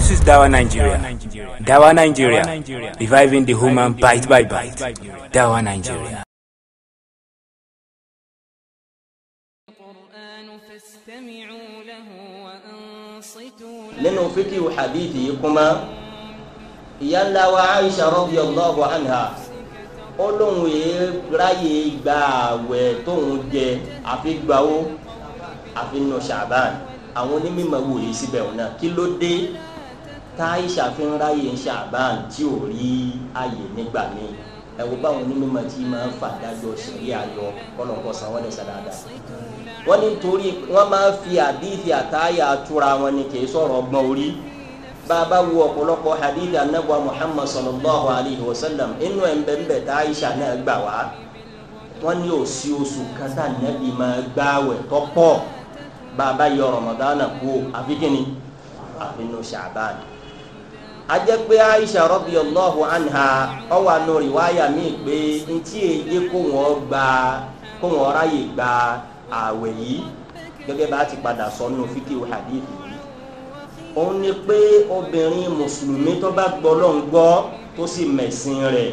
This is Dawa Nigeria. Dawa Nigeria. Reviving the human bite by bite. Dawa Nigeria. nínú fíkìwù hadithi yìí kuma ìyá ńlá wa aisha radiyallahu anha ó lóun yìí ráyè gba àwẹ̀ tóun jẹ àfi gbawó àfi nù ṣàbàn àwọn táyìṣà fi ń ráyè ń ṣàbán tí ò rí àyè nígbà míì ẹ wo báwọn onímọ̀ tí máa ń fàdájọ ṣẹ̀rí àyọ kọ́lọ́kọ́ san wọ́n lè ṣe dáadáa wọ́n ní torí wọ́n máa ń fi àdíìsì àtàyà túra wọn ni kì í sọ̀rọ̀ ọgbọ́n orí bàbá wo ọ̀pọ̀lọpọ̀ hadith anagba muhammad sallallahu alayhi wa sallam inú ẹ̀ ń bẹ̀ ń bẹ̀ náà gbà wá wọ́n ní òsì oṣù kátà nẹ́bí máa gbáwẹ̀ tọ́pọ̀ bàbá yọ rọ̀mọ̀dánà kú àfikínni àfinú ajẹ́ pé aisha radiyallahu anha ọwọ́ àna rìwáyà míì pé ntí èyí kó wọn gba kó wọn ráyè gba ààwẹ̀ yìí gẹ́gẹ́ bá ti padà sọnù fíkìwé hadithi yìí òun ni pé obìnrin mùsùlùmí tó bá gbọ́ lọ́n gbọ́ tó sì mẹ̀sìn rẹ̀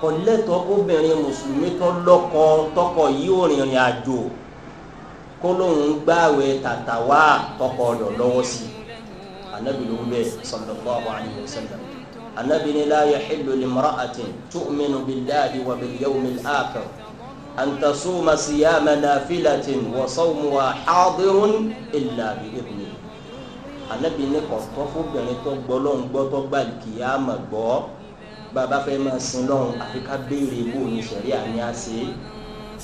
kọ̀lẹ́tọ̀ obìnrin mùsùlùmí tó lọ́kọ tọkọ yìí ò rìnrìn àjò kó lóun gbààwẹ̀ tàtàwá tọkọ ọ̀dọ̀ lọ́wọ́ sí i anabi ló ń bẹ sallallahu alayhi wa sallam anabi ni la yahillu limra'atin tu'minu billahi wa bil yawmil akhir an tasuma siyama nafilatin wa sawmuha hadirun illa bi idni anabi ni kọ̀tọ́ fúnbìnrin tó gbọ́ lọ́n gbọ́ tó gbà kìyàmà gbọ́ bàbá àfi ká béèrè bó ní sẹ̀rí àní àṣẹ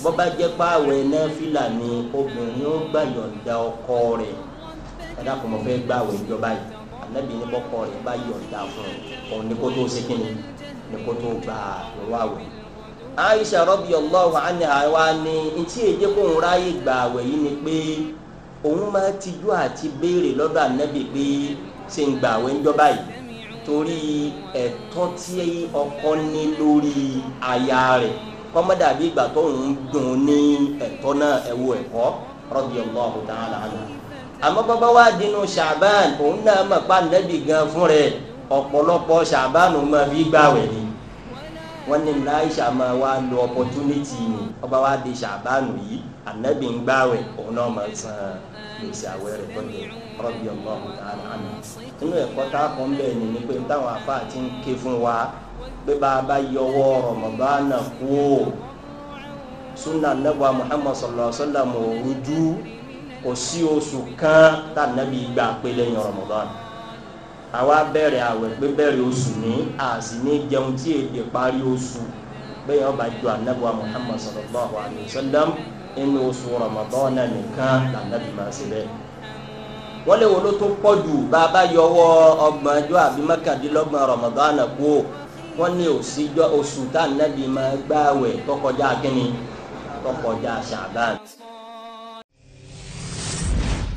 bọ́bá jẹ́ pààwẹ̀ náà fìlà ni obìnrin ó gbà yọ̀ǹda ọkọ rẹ̀ ẹ̀dá kò mọ̀ fẹ́ gbà wẹ̀ ìjọba yìí anabi ní bọ́kọ̀ rẹ̀ bá yọ̀ǹda fún un òun ní kó tó ṣe kí ni ní kó tó gba ìwọ àwẹ̀. Aisha radiyallahu anha wa ni etí èdè kó ń ráyè gbà wẹ̀ yìí ni pé òun máa tijú àti béèrè lọ́dọ̀ anabi pé ṣe ń gbà wẹ̀ ìjọba yìí torí ẹ̀tọ́ tí ọkọ ní lórí aya rẹ̀ kọ́mọ́dà bí ìgbà tó dùn ní ẹ̀tọ́ náà ẹ̀wọ̀ ẹ̀kọ́ radiyallahu ta'ala anha àmọ́ bàbá wa dínú ṣàbán òun náà mọ̀ pa nẹ́bí gan fún rẹ̀ ọ̀pọ̀lọpọ̀ ṣàbán òun máa fi gbàwẹ̀ ni wọ́n ní láìsà máa wá lo opportunity ni ọba wa di ṣàbán yìí ànẹ́bí ń gbàwẹ̀ òun náà máa san gbèsè àwẹ̀ rẹ̀ tó lè rọ́bì àná nínú ẹ̀kọ́ tá a kọ́ ń bẹ̀ ni ni pé táwọn afáà ti ń ké fún wa pé bá a bá yọwọ́ rọ̀mọ̀bánà kú ó sunna anabu muhammad sallallahu alaihi wa sallam òrujú kò sí oṣù kan tá nàbí gba pé lẹ́yìn Ramadan àwa bẹ̀rẹ̀ àwẹ̀ pé bẹ̀rẹ̀ oṣù ní àsì ní jẹun tí èdè parí oṣù bẹ́ẹ̀ ọba ju anabiwa Muhammad sallallahu alayhi wa sallam inú oṣù Ramadan nìkan là nàbí máa ṣe bẹ́ẹ̀ wọ́n lé wo ló tó pọ̀ jù bá a bá yọwọ́ ọgbọ̀n ọjọ́ àbí mọ́kàndínlọ́gbọ̀n Ramadan kú o wọ́n ní òsíjọ́ oṣù tá a nàbí máa gbààwẹ̀ tó kọjá kínní tó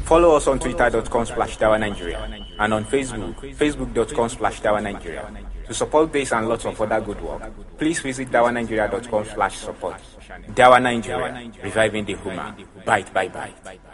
Follow us on twitter.com slash dawa Nigeria and on Facebook, facebook.com slash dawa Nigeria. To support this and lots of other good work, please visit dawanigeria.com slash support. Dawa Nigeria, reviving the human. Bite, bye, bye.